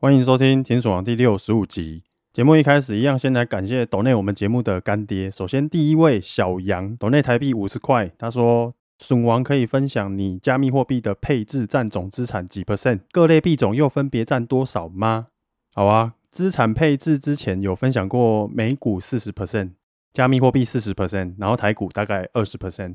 歡迎收聽《停損王》第六十五集。節目一開始，一樣先來感謝斗內我們節目的乾爹。首先，第一位小楊，斗內台幣五十塊，他說：“損王可以分享你加密貨幣的配置占總資產幾 percent？各類幣種又分別占多少嗎？”好啊，資產配置之前有分享過，美股四十 percent，加密貨幣四十 percent，然後台股大概二十 percent。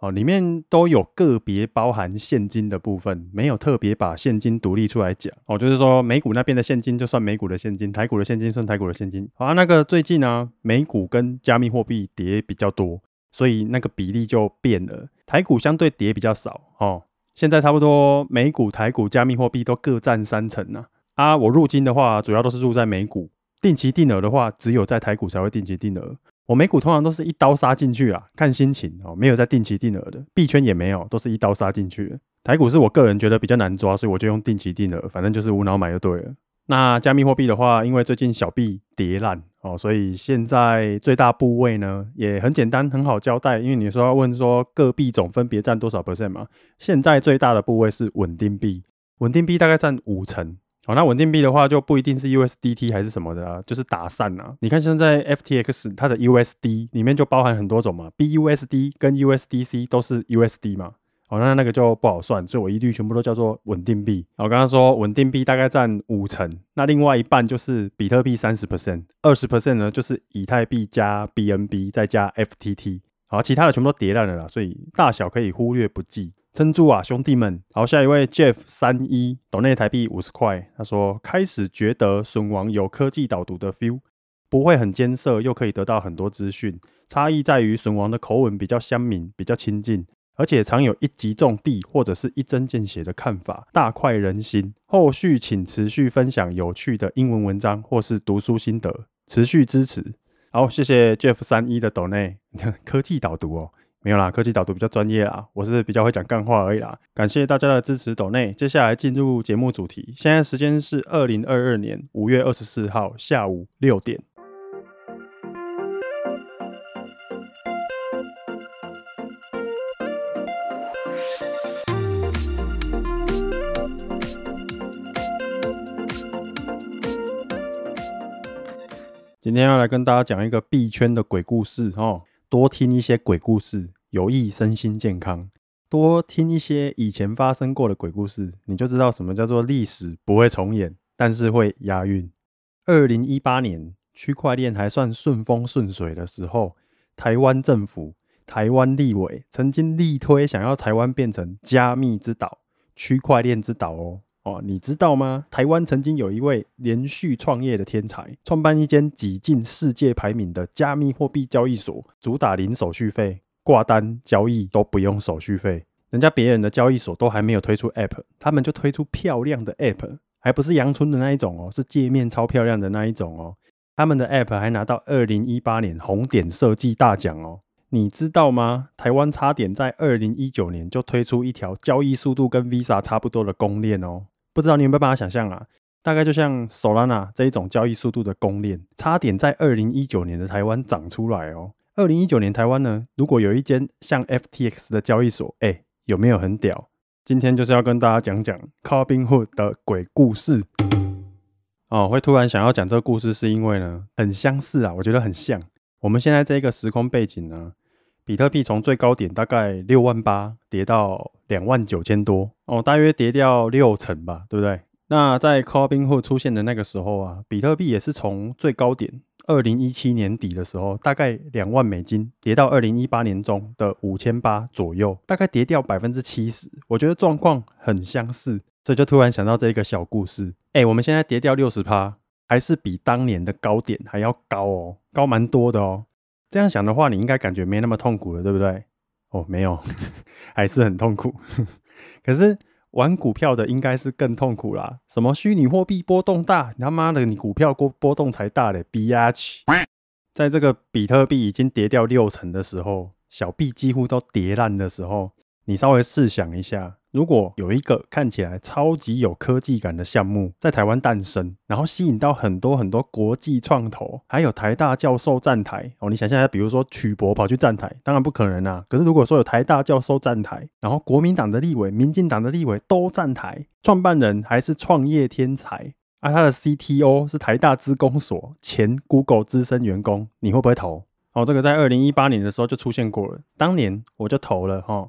哦，裡面都有個別包含現金的部分，沒有特別把現金獨立出來講。哦，就是說美股那邊的現金就算美股的現金，台股的現金算台股的現金。好、啊，那個最近啊，美股跟加密貨幣跌比較多，所以那個比例就變了。台股相對跌比較少。哦，現在差不多美股、台股、加密貨幣都各占三成呢、啊。啊，我入金的話、啊，主要都是入在美股。定期定額的話，只有在台股才會定期定額。我美股通常都是一刀殺進去啦，看心情哦，沒有在定期定額的，幣圈也沒有，都是一刀殺進去的。台股是我個人覺得比較難抓，所以我就用定期定額，反正就是無腦買就對了。那加密貨幣的話，因為最近小幣跌爛哦，所以現在最大部位呢，也很簡單很好交代。因為你說要問說各幣種分別佔多少 percent 嘛，現在最大的部位是穩定幣，穩定幣大概佔五成。好，那穩定幣的話就不一定是 USDT 還是什麼的、啊，就是打散啦、啊。你看現在 FTX 它的 USD 裡面就包含很多種嘛，BUSD 跟 USDC 都是 USD 嘛。好，那那個就不好算，所以我一律全部都叫做穩定幣。我剛剛說穩定幣大概占五成，那另外一半就是比特幣三十 percent，二十 percent 呢就是以太幣加 BNB 再加 FTT。好，其他的全部都跌爛了啦，所以大小可以忽略不計。撐住啊，兄弟們！好，下一位 Jeff 三一，斗內台幣五十塊。他說：“開始覺得損王有科技導讀的 feel，不會很艱澀，又可以得到很多資訊。差異在於損王的口吻比較鄉民，比較親近，而且常有一擊中地或者是一針見血的看法，大快人心。後續請持續分享有趣的英文文章或是讀書心得，持續支持。好，謝謝 Jeff 三一的斗內 科技導讀哦。”沒有啦，科技導讀比較專業啦，我是比較會講幹話而已啦。感謝大家的支持，抖內。接下來進入節目主題，現在時間是二零二二年五月二十四號下午六點。今天要來跟大家講一個幣圈的鬼故事哦。多聽一些鬼故事有益身心健康。多聽一些以前發生過的鬼故事，你就知道什麼叫做歷史不會重演，但是會押韻。二零一八年區塊鏈還算順風順水的時候，台灣政府、台灣立委曾經力推，想要台灣變成加密之島、區塊鏈之島哦。哦，你知道嗎？台灣曾經有一位連續創業的天才，創辦一間擠進世界排名的加密貨幣交易所，主打零手續費，掛單交易都不用手續費。人家別人的交易所都還沒有推出 App，他們就推出漂亮的 App，還不是陽春的那一種哦，是界面超漂亮的那一種哦。他們的 App 還拿到二零一八年紅點設計大獎哦。你知道嗎？台灣差點在二零一九年就推出一條交易速度跟 Visa 差不多的公鏈哦。不知道你有沒有辦法想象啊？大概就像 Solana 這一種交易速度的公鏈，差點在二零一九年的台灣長出來哦。二零一九年台灣呢，如果有一間像 FTX 的交易所，哎、欸，有沒有很屌？今天就是要跟大家講講 COBINHOOD 的鬼故事。哦，會突然想要講這個故事，是因為呢，很相似啊，我覺得很像。我們現在這個時空背景呢？比特幣從最高點，大概六萬八跌到兩萬九千多哦，大約跌掉六成吧，對不對？那在 COBINHOOD 出現的那個時候啊，比特幣也是從最高點二零一七年底的時候，大概兩萬美金跌到二零一八年中的五千八左右，大概跌掉百分之七十。我覺得狀況很相似，所以就突然想到這一個小故事。哎，我們現在跌掉六十趴，還是比當年的高點還要高哦，高蠻多的哦。這樣想的話，你應該感覺沒那麼痛苦了，對不對？哦，沒有，呵呵還是很痛苦呵呵。可是玩股票的應該是更痛苦啦。什麼虛擬貨幣波動大？你他媽的，你股票波波動才大的 BH。在這個比特幣已經跌掉六成的時候，小幣幾乎都跌爛的時候。你稍微試想一下，如果有一個看起來超級有科技感的項目在台灣誕生，然後吸引到很多很多國際創投，還有台大教授站台哦，你想像一下，比如說曲博跑去站台，當然不可能啦、啊。可是如果說有台大教授站台，然後國民黨的立委、民進黨的立委都站台，創辦人還是創業天才，而、啊、他的 CTO 是台大資工所前 Google 資深員工，你會不會投？哦，這個在二零一八年的時候就出現過了，當年我就投了哈。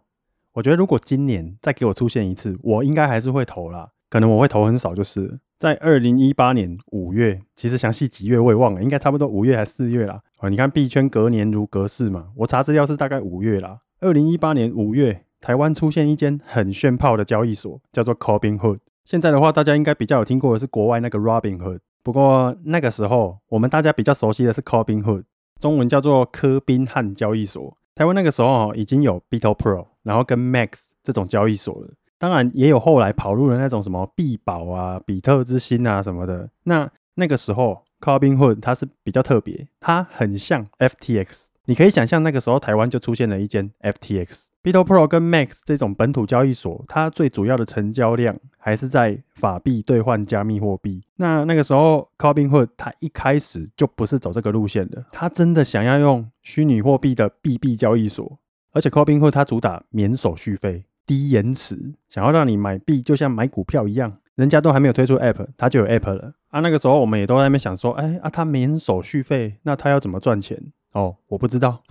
我覺得如果今年再給我出現一次，我應該還是會投啦。可能我會投很少，就是在二零一八年五月，其實詳細幾月我也忘了，應該差不多五月還是四月啦。哦，你看幣圈隔年如隔世嘛，我查資料是大概五月啦。二零一八年五月，台灣出現一間很炫炮的交易所，叫做 COBINHOOD。現在的話，大家應該比較有聽過的是國外那個 Robinhood，不過那個時候我們大家比較熟悉的是 COBINHOOD，中文叫做科賓漢交易所。台灣那個時候、哦、已經有 BitoPro，然後跟 Max 這種交易所了，當然也有後來跑路的那種什麼幣寶啊、比特之星啊什麼的。那那個時候，COBINHOOD 它是比較特別，它很像 FTX。你可以想象，那個時候台灣就出現了一間 FTX、BitoPro 跟 Max 這種本土交易所，它最主要的成交量還是在法幣兌換加密貨幣。那那個時候 COBINHOOD 它一開始就不是走這個路線的，它真的想要用虛擬貨幣的幣幣交易所。而且 COBINHOOD 它主打免手續費、低延遲，想要讓你買幣就像買股票一樣。人家都還沒有推出 App，它就有 App 了。啊，那個時候我們也都在那邊想說，哎，啊，它免手續費，那它要怎麼賺錢？哦，我不知道，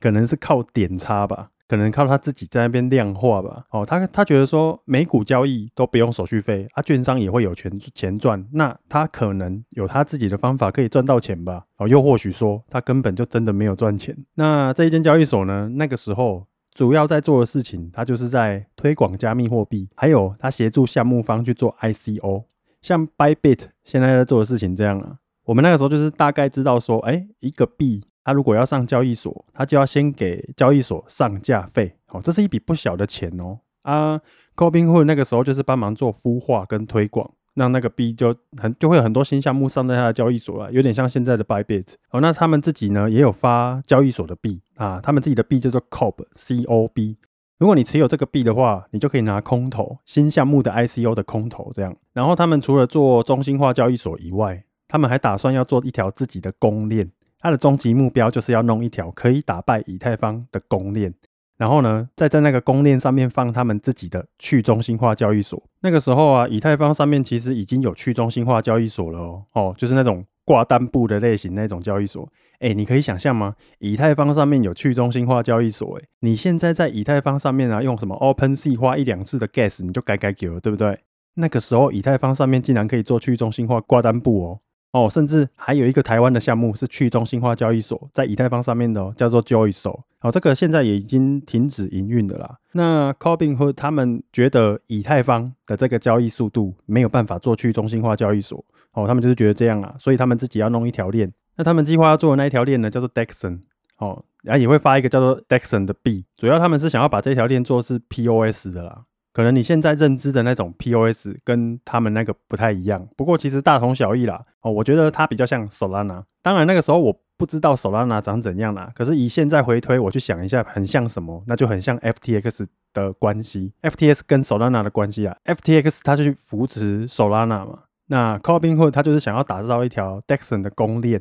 可能是靠點差吧，可能靠他自己在那邊量化吧。哦，他他覺得說美股交易都不用手續費，啊，券商也會有錢錢賺，那他可能有他自己的方法可以賺到錢吧。哦，又或許說他根本就真的沒有賺錢。那這一間交易所呢，那個時候主要在做的事情，他就是在推廣加密貨幣，還有他協助項目方去做 ICO，像 Bybit 現在在做的事情這樣啊。我們那個時候就是大概知道說，哎、欸，一個幣。他如果要上交易所，他就要先給交易所上架費，哦，這是一筆不小的錢哦、喔。啊 COBINHOOD 那個時候就是幫忙做孵化跟推廣，讓那，那個 B 就很就會有很多新項目上在他的交易所了，有點像現在的 Bybit。哦，那他們自己呢也有發交易所的 B 啊，他們自己的 B 叫做 Cob C O B。如果你持有這個 B 的話，你就可以拿空投新項目的 ICO 的空投這樣。然後他們除了做中心化交易所以外，他們還打算要做一條自己的公鏈。它的終極目標就是要弄一條可以打敗以太坊的公鏈，然後呢，再在那個公鏈上面放他們自己的去中心化交易所。那個時候啊，以太坊上面其實已經有去中心化交易所了哦，哦，就是那種掛單簿的類型那種交易所。哎，你可以想象嗎？以太坊上面有去中心化交易所，哎，你現在在以太坊上面啊，用什麼 OpenSea 花一兩次的 Gas 你就該該叫，對不對？那個時候以太坊上面竟然可以做去中心化掛單簿哦。哦，甚至還有一個台灣的項目是去中心化交易所，在以太坊上面的，哦、叫做交易所。哦，這個現在也已經停止營運的啦。那 COBINHOOD 他們覺得以太坊的這個交易速度沒有辦法做去中心化交易所，哦，他們就是覺得這樣啊，所以他們自己要弄一條鏈。那他們計劃要做的那一條鏈呢，叫做 DEXON。哦，然後也會發一個叫做 DEXON 的幣。主要他們是想要把這條鏈做是 POS 的啦。可能你現在認知的那種 POS 跟他們那個不太一樣，不過其實大同小異啦。哦，我覺得它比較像 Solana。當然那個時候我不知道 Solana 長怎樣啦，可是以現在回推，我去想一下，很像什麼？那就很像 FTX 的關係。FTX 跟 Solana 的關係啊，FTX 它就去扶持 Solana 嘛。那 COBINHOOD 它就是想要打造一條 Dexon 的公鏈，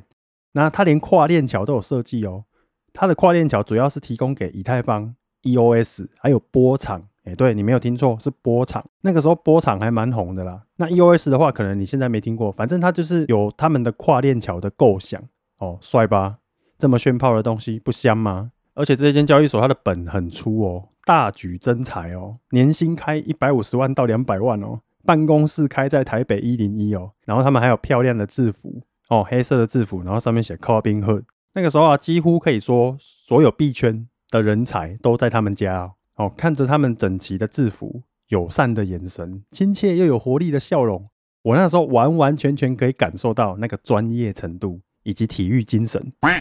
那它連跨鏈橋都有設計哦。它的跨鏈橋主要是提供給以太坊、EOS 還有波場。哎，欸，對你沒有聽錯，是波場。那個時候波場還蠻紅的啦。那 EOS 的話，可能你現在沒聽過，反正它就是有他們的跨鏈橋的構想哦，帥吧？這麼炫炮的東西不香嗎？而且這間交易所它的本很粗哦，大舉徵才哦，年薪開一百五十萬到兩百萬哦，辦公室開在台北一零一哦，然後他們還有漂亮的制服哦，黑色的制服，然後上面寫 Cobinhood。那個時候啊，幾乎可以說所有幣圈的人才都在他們家，哦。哦、看着他們整齊的制服、友善的眼神、親切又有活力的笑容，我那時候完完全全可以感受到那個專業程度以及體育精神。嗯、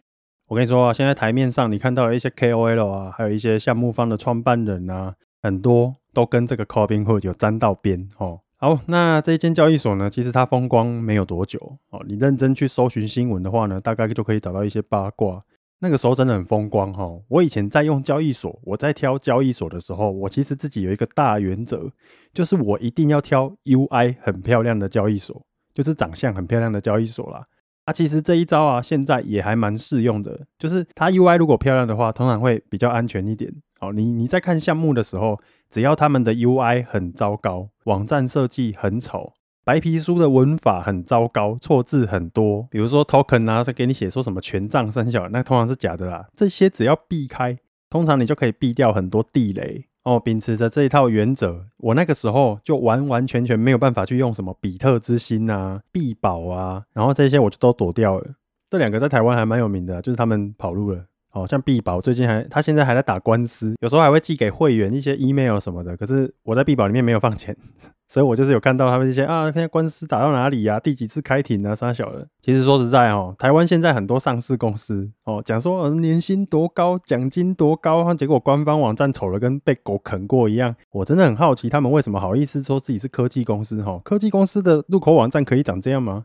我跟你說啊，現在台面上你看到了一些 KOL 啊，還有一些項目方的創辦人啊，很多都跟這個 COBINHOOD 有沾到邊。哦，好，那這間交易所呢，其實它風光沒有多久。哦，你認真去搜尋新聞的話呢，大概就可以找到一些八卦。那個時候真的很風光哦。我以前在用交易所，我在挑交易所的時候，我其實自己有一個大原則，就是我一定要挑 UI 很漂亮的交易所，就是長相很漂亮的交易所啦。啊，其實這一招啊，現在也還蠻適用的，就是它 UI 如果漂亮的話，通常會比較安全一點。好，你你在看項目的時候，只要他們的 UI 很糟糕，網站設計很醜。白皮書的文法很糟糕，錯字很多。比如說 token 啊，是給你寫說什麼權杖三小，那個、通常是假的啦。這些只要避開，通常你就可以避掉很多地雷。哦，秉持着這一套原則，我那個時候就完完全全沒有辦法去用什麼比特之星啊、幣寶啊，然後這些我就都躲掉了。這兩個在台灣還蠻有名的，就是他們跑路了。哦，像幣寶最近還，他現在還在打官司，有時候還會寄給會員一些 email 什麼的。可是我在幣寶裡面沒有放錢， 所以我就是有看到他們一些啊，現在官司打到哪裡呀、啊？第幾次開庭啊？三小的？其實說實在哦，台灣現在很多上市公司哦，講說嗯年薪多高，獎金多高，結果官方網站醜得跟被狗啃過一樣。我真的很好奇，他們為什麼好意思說自己是科技公司？哈，科技公司的入口網站可以長這樣嗎？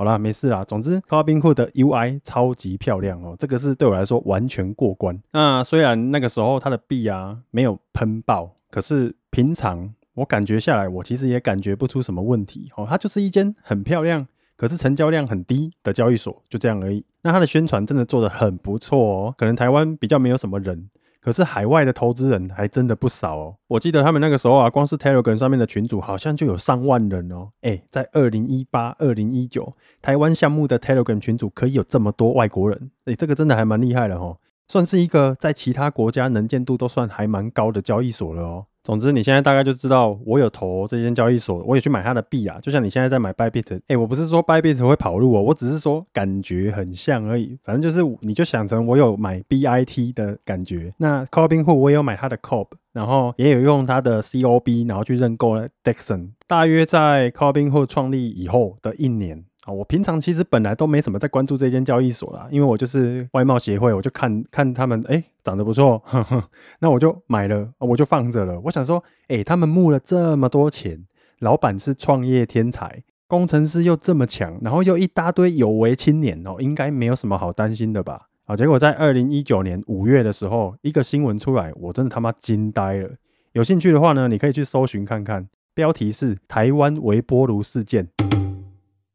好啦，沒事啦。總之，COBINHOOD 的 UI 超級漂亮哦，這個是對我來說完全過關。那雖然那個時候它的幣啊沒有噴爆，可是平常我感覺下來，我其實也感覺不出什麼問題哦。它就是一間很漂亮，可是成交量很低的交易所，就這樣而已。那它的宣傳真的做得很不錯哦，可能台灣比較沒有什麼人。可是海外的投資人還真的不少哦、喔，我記得他們那個時候啊，光是 Telegram 上面的群組好像就有上萬人哦、喔欸。誒，在二零一八、二零一九台灣項目的 Telegram 群組可以有這麼多外國人，誒，這個真的還蠻厲害的哦、喔。算是一個在其他國家能見度都算還蠻高的交易所了哦。總之，你現在大概就知道我有投這間交易所，我也去買它的幣啊。就像你現在在買 Bybit 哎，我不是說 Bybit 會跑路哦，我只是說感覺很像而已。反正就是你就想成我有買 BIT 的感覺。那 COBINHOOD 我也有買它的 COB，然後也有用它的 COB 然後去認購 DEXON。大約在 COBINHOOD 創立以後的一年。啊，我平常其實本來都沒什麼在關注這間交易所啦，因為我就是外貿協會，我就看看他們，哎，長得不錯，呵呵，那我就買了，我就放着了。我想說，哎，他們募了這麼多錢，老闆是創業天才，工程師又這麼強，然後又一大堆有為青年哦，應該沒有什麼好擔心的吧？啊，結果在二零一九年五月的時候，一個新聞出來，我真的他媽驚呆了。有興趣的話呢，你可以去搜尋看看，標題是台灣微波爐事件。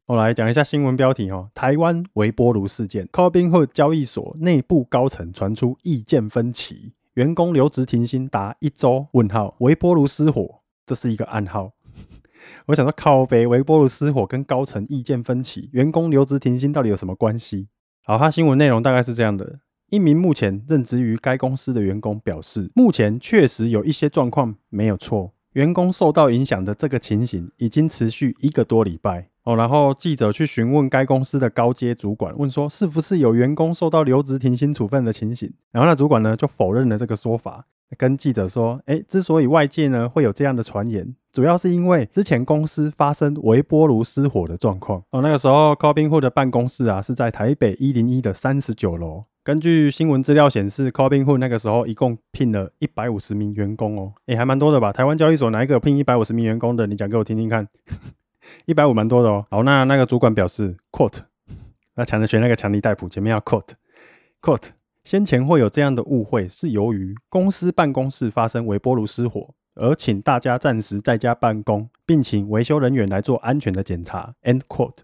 我來講一下新聞標題哈，台灣微波爐事件，COBINHOOD 交易所內部高層傳出意見分歧，員工留職停薪達一周？問號，微波爐失火，這是一個暗號。 我想說，靠北微波爐失火跟高層意見分歧，員工留職停薪到底有什麼關係？好，它新聞內容大概是這樣的：一名目前任職於該公司的員工表示，目前確實有一些狀況沒有錯，員工受到影響的這個情形已經持續一個多禮拜。哦，然後記者去詢問該公司的高階主管，問說是不是有員工受到留職停薪處分的情形？然後那主管呢就否認了這個說法，跟記者說誒：“之所以外界呢會有這樣的傳言，主要是因為之前公司發生微波爐失火的狀況。哦，那個時候，COBINHOOD 的辦公室啊是在台北一零一的三十九樓。根據新聞資料顯示，COBINHOOD 那個時候一共聘了一百五十名員工哦，哎，還蠻多的吧？台灣交易所哪一個有聘一百五十名員工的？你講給我聽聽看。” 一百五蠻多的哦。好，那那個主管表示，quote，那強的學那個強尼戴普，前面要 quote，quote，quote 先前會有這樣的誤會，是由於公司辦公室發生微波爐失火，而請大家暫時在家辦公，並請維修人員來做安全的檢查。end quote。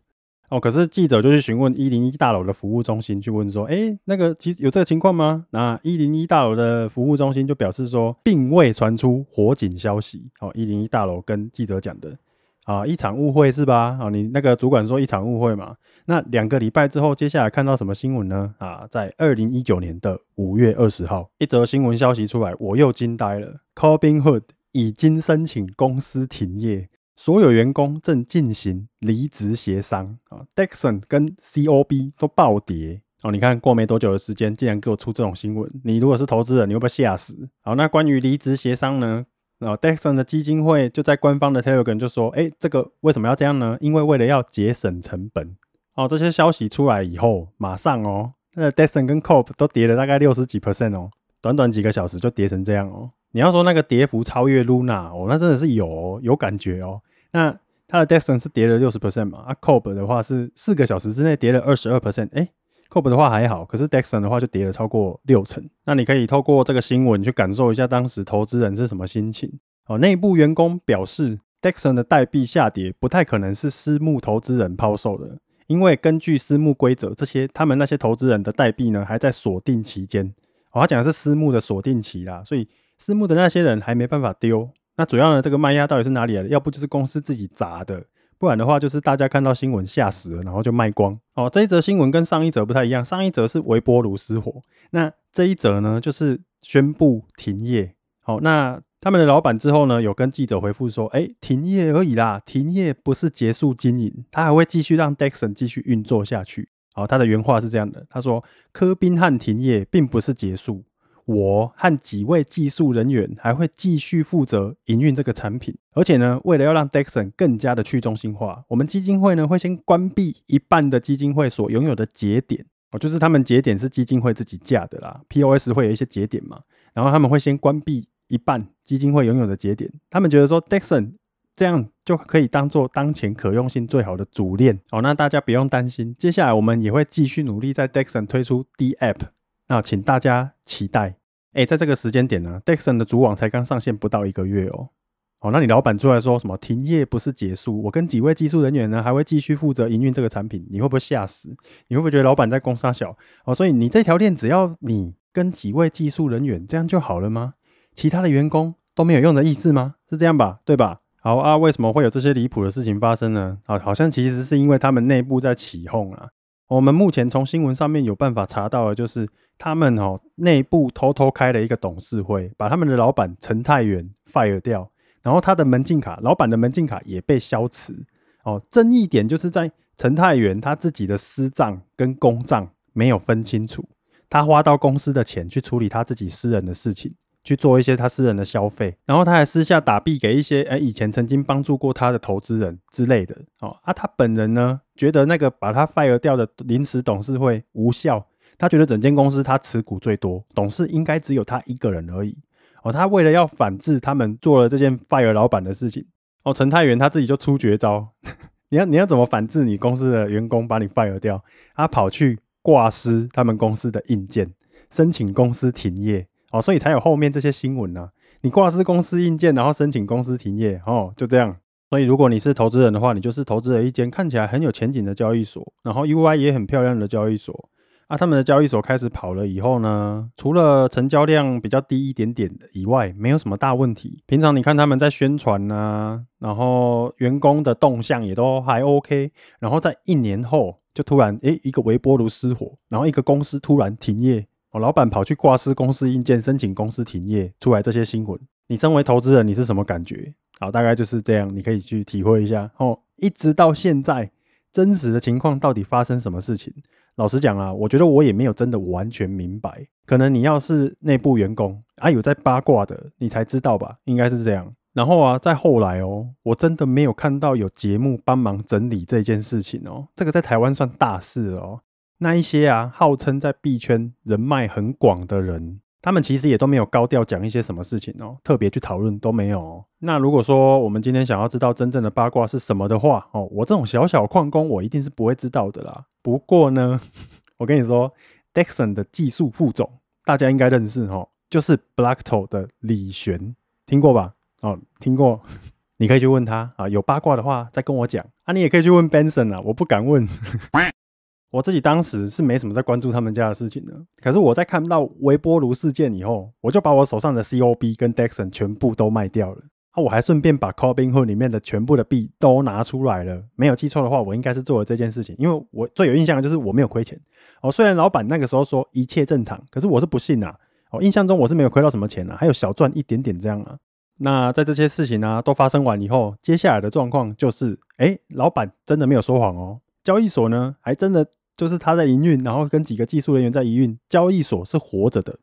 哦，可是記者就去詢問一零一大樓的服務中心，就問說，哎，那個其實有這個情況嗎？那一零一大樓的服務中心就表示說，並未傳出火警消息。好，一零一大樓跟記者講的。啊，一場誤會是吧？啊，你那個主管說一場誤會嘛。那兩個禮拜之後，接下來看到什麼新聞呢？啊，在二零一九年的五月二十號，一則新聞消息出來，我又驚呆了。COBINHOOD 已經申請公司停業，所有員工正進行離職協商。啊，Dexon 跟 COB 都暴跌。啊，你看過沒多久的時間，竟然給我出這種新聞？你如果是投資人，你會被嚇死。好，那關於離職協商呢？然後、哦、，Dexon 的基金會就在官方的 Telegram 就說：“哎、欸，這個為什麼要這樣呢？因為為了要節省成本。”哦，這些消息出來以後，馬上哦，那個 Dexon 跟 Cob 都跌了大概六十幾 percent 哦，短短幾個小時就跌成這樣哦。你要說那個跌幅超越 Luna，哦，那真的是有、哦、有感覺哦。那它的 Dexon 是跌了六十 percent 嘛？啊，Cob 的話是四個小時之內跌了二十二 percent。哎、欸。COB 的話還好，可是 Dexon 的話就跌了超過六成。那你可以透過這個新聞去感受一下當時投資人是什麼心情。哦，內部員工表示，Dexon 的代幣下跌不太可能是私募投資人拋售的，因為根據私募規則，這些他們那些投資人的代幣呢還在鎖定期間。哦，他講的是私募的鎖定期啦，所以私募的那些人還沒辦法丟。那主要呢，這個賣壓到底是哪裡來的？要不就是公司自己砸的。不然的話，就是大家看到新聞嚇死了，然後就賣光。哦，這一則新聞跟上一則不太一樣，上一則是微波爐失火，那這一則呢，就是宣布停業。好，哦，那他們的老闆之後呢，有跟記者回復說，誒，停業而已啦，停業不是結束經營，他還會繼續讓 Dexon 繼續運作下去。哦，他的原話是這樣的，他說，科賓漢停業並不是結束。我和幾位技術人員還會繼續負責營運這個產品，而且呢，為了要讓 DEXON 更加的去中心化，我們基金會呢會先關閉一半的基金會所擁有的節點哦，就是他們節點是基金會自己架的啦，POS 會有一些節點嘛，然後他們會先關閉一半基金會擁有的節點，他們覺得說 DEXON 這樣就可以當做當前可用性最好的主鏈哦，那大家不用擔心，接下來我們也會繼續努力在 DEXON 推出 DApp。那請大家期待。哎、欸，在這個時間點呢，Dexon 的主網才剛上線不到一個月哦。哦，那你老板出來說什麼停業不是結束？我跟幾位技術人員呢還會繼續負責營運這個產品，你會不會嚇死？你會不會覺得老板在公殺小？哦，所以你這條鏈只要你跟幾位技術人員這樣就好了嗎？其他的員工都沒有用的意思嗎？是這樣吧？對吧？好啊，為什麼會有這些離譜的事情發生呢？好，好像其實是因為他們內部在起哄啊。我們目前從新聞上面有辦法查到的，就是他們哦內部偷偷開了一個董事會，把他們的老板陳泰元 fire 掉，然後他的門禁卡，老板的門禁卡也被消磁。哦，爭議點就是在陳泰元他自己的私賬跟公賬沒有分清楚，他花到公司的錢去處理他自己私人的事情。去做一些他私人的消費，然後他還私下打幣給一些、呃、以前曾經幫助過他的投資人之類的。哦，啊，他本人呢覺得那個把他 fire 掉的臨時董事會無效，他覺得整間公司他持股最多，董事應該只有他一個人而已。哦，他為了要反制他們做了這件 fire 老闆的事情，哦，陳泰元他自己就出絕招，呵呵，你要你要怎麼反制你公司的員工把你 fire 掉？他跑去掛失他們公司的硬件，申請公司停業。好、哦，所以才有後面這些新聞呢、啊。你掛失公司硬件，然後申請公司停業，哦，就這樣。所以如果你是投資人的話，你就是投資了一間看起來很有前景的交易所，然後 UI 也很漂亮的交易所啊。他們的交易所開始跑了以後呢，除了成交量比較低一點點以外，沒有什麼大問題。平常你看他們在宣傳呢、啊，然後員工的動向也都還 OK。然後在一年後，就突然哎、欸，一個微波爐失火，然後一個公司突然停業。我老闆跑去掛失公司印鑑申請公司停業，出來這些新聞，你身為投資人，你是什麼感覺？好，大概就是這樣，你可以去體會一下。哦，一直到現在，真實的情況到底發生什麼事情？老實講啊，我覺得我也沒有真的完全明白。可能你要是內部員工啊，有在八卦的，你才知道吧，應該是這樣。然後啊，再後來哦，我真的沒有看到有節目幫忙整理這件事情哦，這個在台灣算大事哦。那一些啊，號稱在幣圈人脈很廣的人，他們其實也都沒有高調講一些什麼事情哦，特別去討論都沒有哦。那如果說我們今天想要知道真正的八卦是什麼的話，哦，我這種小小礦工，我一定是不會知道的啦。不過呢，我跟你說，Dexon 的技術副總，大家應該認識哦，就是 Blackto 的李玄，聽過吧？哦，聽過，你可以去問他啊，有八卦的話再跟我講。啊，你也可以去問 Benson 啊，我不敢問。 我自己當時是沒什麼在關注他們家的事情的，可是我在看到微波爐事件以後，我就把我手上的 COB 跟 Dexon 全部都賣掉了，啊，我還順便把 COBINHOOD 裡面的全部的幣都拿出來了。沒有記錯的話，我應該是做了這件事情，因為我最有印象的就是我沒有虧錢。哦，雖然老板那個時候說一切正常，可是我是不信吶。哦，印象中我是沒有虧到什麼錢啊，還有小賺一點點這樣啊。那在這些事情呢，啊、都發生完以後，接下來的狀況就是，哎，老板真的沒有說謊哦，交易所呢還真的。就是他在營運，然後跟幾個技術人員在營運，交易所是活着的，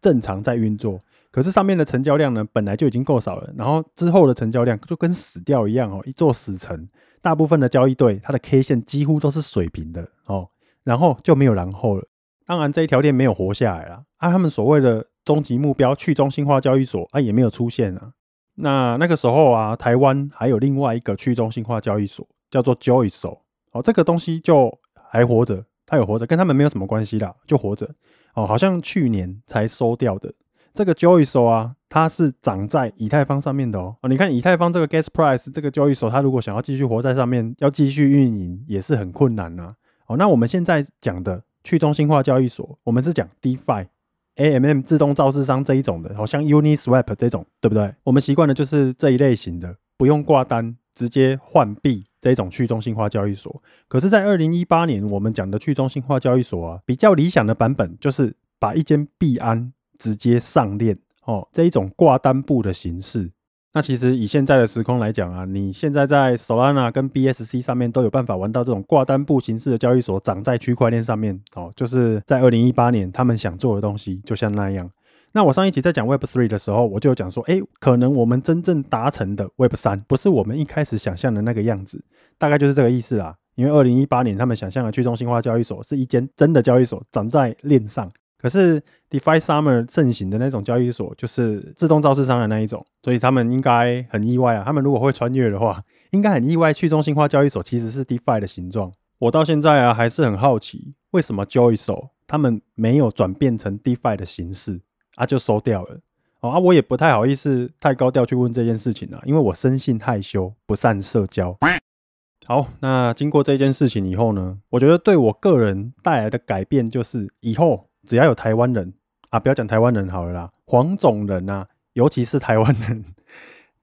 正常在運作。可是上面的成交量呢，本來就已經夠少了，然後之後的成交量就跟死掉一樣哦、喔，一座死城。大部分的交易對，它的 K 線幾乎都是水平的哦、喔，然後就沒有然後了。當然這一條鏈沒有活下來了，啊，他們所謂的終極目標去中心化交易所啊也沒有出現啊。那那個時候啊，台灣還有另外一個去中心化交易所叫做 Joyso，哦，這個東西就。還活着，他有活着，跟他們沒有什麼關係啦，就活着。哦，好像去年才收掉的這個交易所啊，它是長在以太坊上面的哦。你看以太坊這個 gas price，這個交易所它如果想要繼續活在上面，要繼續運營也是很困難吶。哦，那我們現在講的去中心化交易所，我們是講 DeFi、AMM 自動造市商這一種的，好像 Uniswap 這種，對不對？我們習慣的就是這一類型的，不用掛單。直接換幣這一種去中心化交易所，可是，在二零一八年我們講的去中心化交易所啊，比較理想的版本就是把一間幣安直接上鏈哦，這一種掛單簿的形式。那其實以現在的時空來講啊，你現在在 Solana 跟 BSC 上面都有辦法玩到這種掛單簿形式的交易所，長在區塊鏈上面哦，就是在二零一八年他們想做的東西就像那樣。那我上一集在講 Web 3的時候，我就有講說，哎、欸，可能我們真正達成的 Web 3不是我們一開始想象的那個樣子，大概就是這個意思啦、啊。因為2018年他們想象的去中心化交易所是一間真的交易所，長在鏈上。可是 DeFi Summer 盛行的那種交易所，就是自動造市商的那一種，所以他們應該很意外啊。他們如果會穿越的話，應該很意外，去中心化交易所其實是 DeFi 的形狀。我到現在啊，還是很好奇，為什麼交易所他們沒有轉變成 DeFi 的形式？啊，就收掉了哦，啊，我也不太好意思太高調去問這件事情啊，因為我生性害羞，不善社交。好，那經過這件事情以後呢，我覺得對我個人帶來的改變就是，以後只要有台灣人啊，不要講台灣人好了啦，黃種人啊，尤其是台灣人，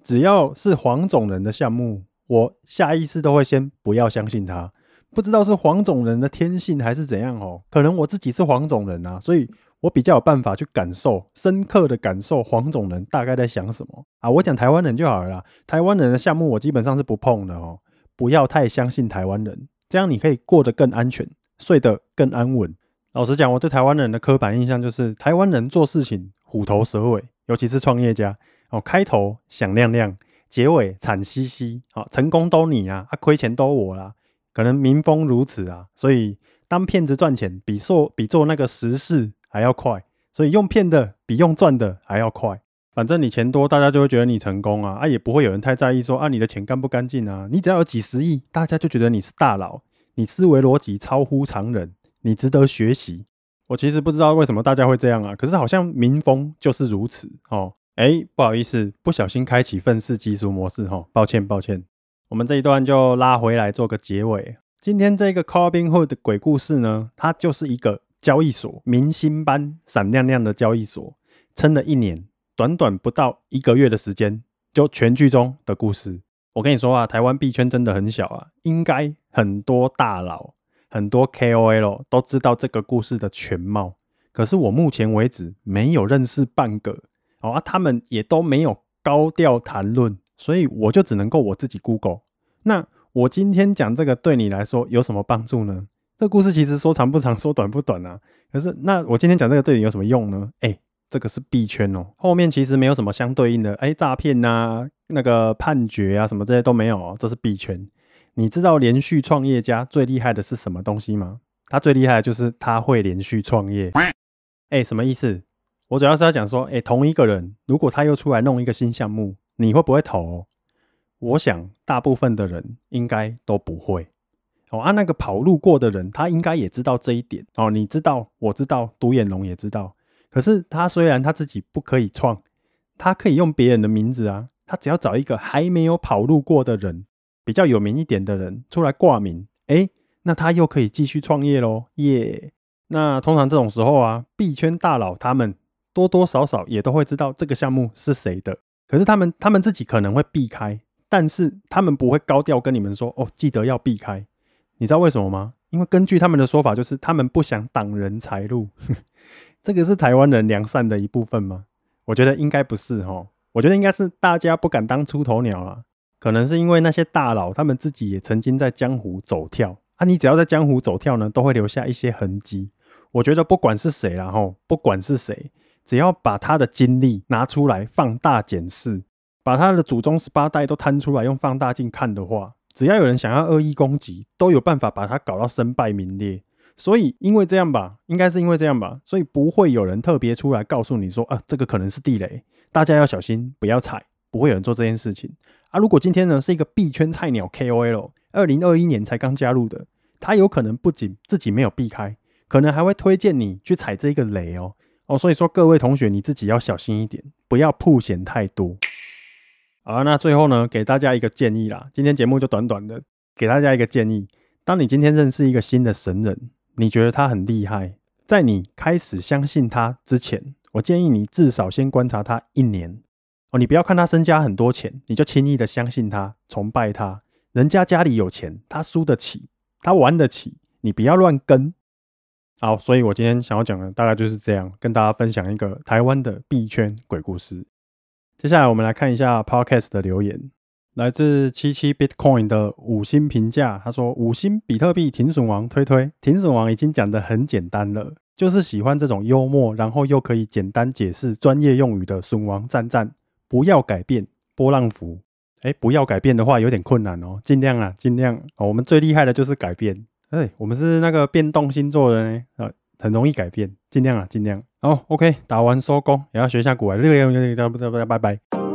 只要是黃種人的項目，我下意識都會先不要相信他。不知道是黃種人的天性還是怎樣哦，可能我自己是黃種人啊，所以。我比較有辦法去感受，深刻的感受黃種人大概在想什麼啊？我講台灣人就好了啦。台灣人的項目我基本上是不碰的哦，喔，不要太相信台灣人，這樣你可以過得更安全，睡得更安穩。老實講，我對台灣人的刻板印象就是台灣人做事情虎頭蛇尾，尤其是創業家哦，喔，開頭響亮亮，結尾慘兮兮，喔。成功都你啊，啊，虧錢都我啦。可能民風如此啊，所以當騙子賺錢比做比做那個實事。還要快，所以用騙的比用賺的還要快。反正你錢多，大家就會覺得你成功啊啊，也不會有人太在意說啊，你的錢乾不乾淨啊。你只要有幾十億，大家就覺得你是大佬，你思維邏輯超乎常人，你值得學習。我其實不知道為什麼大家會這樣啊，可是好像民風就是如此哦。哎、欸，不好意思，不小心開啟憤世嫉俗模式吼，抱歉抱歉。我們這一段就拉回來做個結尾。今天這個 COBINHOOD 的鬼故事呢，它就是一個。交易所，明星般閃亮亮的交易所，撐了一年，短短不到一個月的時間，就全劇終的故事。我跟你說啊，台灣幣圈真的很小啊，應該很多大佬、很多 KOL 都知道這個故事的全貌，可是我目前為止沒有認識半個，然、哦啊、他們也都沒有高調談論，所以我就只能夠我自己 Google。那我今天講這個，對你來說有什麼幫助呢？這故事其實說長不長，說短不短啊。可是那我今天講這個對你有什麼用呢？哎，這個是幣圈哦。後面其實沒有什麼相對應的，哎，詐騙啊、那個判決啊什麼這些都沒有、哦。這是幣圈。你知道連續創業家最厲害的是什麼東西嗎？他最厲害的就是他會連續創業。哎喂，什麼意思？我主要是要講說，哎，同一個人如果他又出來弄一個新項目，你會不會投、哦？我想大部分的人應該都不會。哦啊，那個跑路過的人，他應該也知道這一點。哦，你知道，我知道，獨眼龍也知道。可是他雖然他自己不可以創，他可以用別人的名字啊。他只要找一個還沒有跑路過的人，比較有名一點的人出來掛名，哎，那他又可以繼續創業嘍，耶、yeah！那通常這種時候啊，幣圈大佬他們多多少少也都會知道這個項目是誰的。可是他們他們自己可能會避開，但是他們不會高調跟你們說，哦，記得要避開。你知道為什麼嗎？因為根據他們的說法，就是他們不想擋人財路。這個是台灣人良善的一部分嗎？我覺得應該不是哈。我覺得應該是大家不敢當出頭鳥啊。可能是因為那些大佬，他們自己也曾經在江湖走跳啊。你只要在江湖走跳呢，都會留下一些痕跡。我覺得不管是誰，然後不管是誰，只要把他的經歷拿出來放大檢視，把他的祖宗十八代都攤出來用放大鏡看的話。只要有人想要惡意攻擊，都有辦法把它搞到身敗名裂。所以，因為這樣吧，應該是因為這樣吧，所以不會有人特別出來告訴你說，啊，這個可能是地雷，大家要小心，不要踩。不會有人做這件事情。啊，如果今天呢是一個幣圈菜鳥 KOL，2021 年才剛加入的，他有可能不僅自己沒有避開，可能還會推薦你去踩這個雷哦。哦，所以說各位同學，你自己要小心一點，不要曝險太多。好啊，那最後呢，給大家一個建議啦。今天節目就短短的，給大家一個建議：當你今天認識一個新的神人，你覺得他很厲害，在你開始相信他之前，我建議你至少先觀察他一年。哦，你不要看他身家很多錢，你就輕易的相信他、崇拜他。人家家裡有錢，他輸得起，他玩得起，你不要亂跟。好，所以我今天想要講的大概就是這樣，跟大家分享一個台灣的幣圈鬼故事。接下來我們來看一下 Podcast 的留言，來自七七 Bitcoin 的五星評價，他說五星比特幣停損王推推，停損王已經講的很簡單了，就是喜歡這種幽默，然後又可以簡單解釋專業用語的損王讚讚，不要改變波浪符，哎，不要改變的話有點困難哦，盡量啊，盡量，哦，我們最厲害的就是改變，哎，我們是那個變動星座的，呃，很容易改變，盡量啊，盡量。好，oh，OK，打完收工，也要學一下鼓啊！六幺六幺，W W，拜拜。